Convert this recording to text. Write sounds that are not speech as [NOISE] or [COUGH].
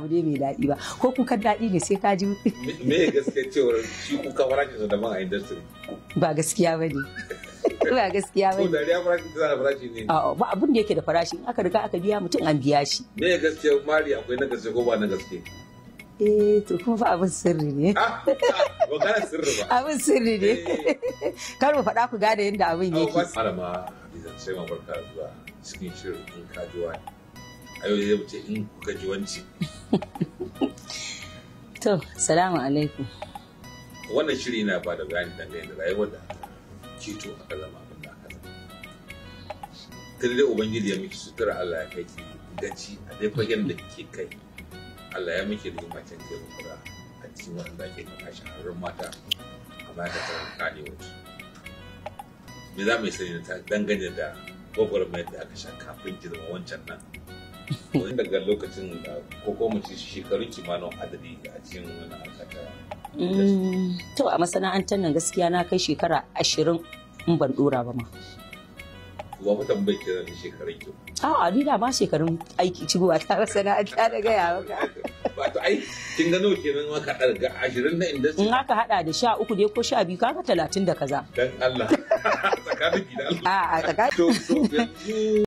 abu ne mai daɗi ba ko kuka daɗi ne sai ka ji [LAUGHS] me gaskiya cewar shi kuka fara ki da man a industry ba gaskiya ba ne [LAUGHS] ba gaskiya ba ne ko dariya fara ki da farashi ne a'a ba abun da yake da farashi aka riga aka biya mutum an biya shi me gaskiya mari akwai na gaske ko ba na gaske eh to kuma fa abin sirri ne ba ah, ah, sirri ba [LAUGHS] abin sirri ne eh. kar mu faɗa ku gane yadda abin yake ma idan sai ma barka zuwa cikin shirin in ji wani. yau zai wuce in kuka ji wanci to salamu alaikum wannan shiri na ba da bayani dangane da rayuwar da ceto aka zama abin da aka zama tun dai ubangiji ya miki sutura allah ya kai ki gaci a dai fagen da kike kai allah ya miki da macen ke rukura a cikin da ke kama shahararrun mata a baya da tsarin wasu. me za mu yi sani ta dangane da gwagwarmayar da aka sha kafin ki zama wancan nan tun daga lokacin uh, ko ko mu ci shekaru kimanin adadi a cikin wannan harka mm, to a masana'antar nan gaskiya na kai shekara ashirin in ban dora ba ma ba ku tambayi da shekarun ki a a ni da ma shekarun aiki gowa ta masana'anta da gaya maka ba to ai kin gano kenan maka ɗarga ashirin na industry in aka hada da sha uku dai ko sha biyu kaga talatin da kaza dan Allah [LAUGHS] tsakanin gida. da Allah a tsakanin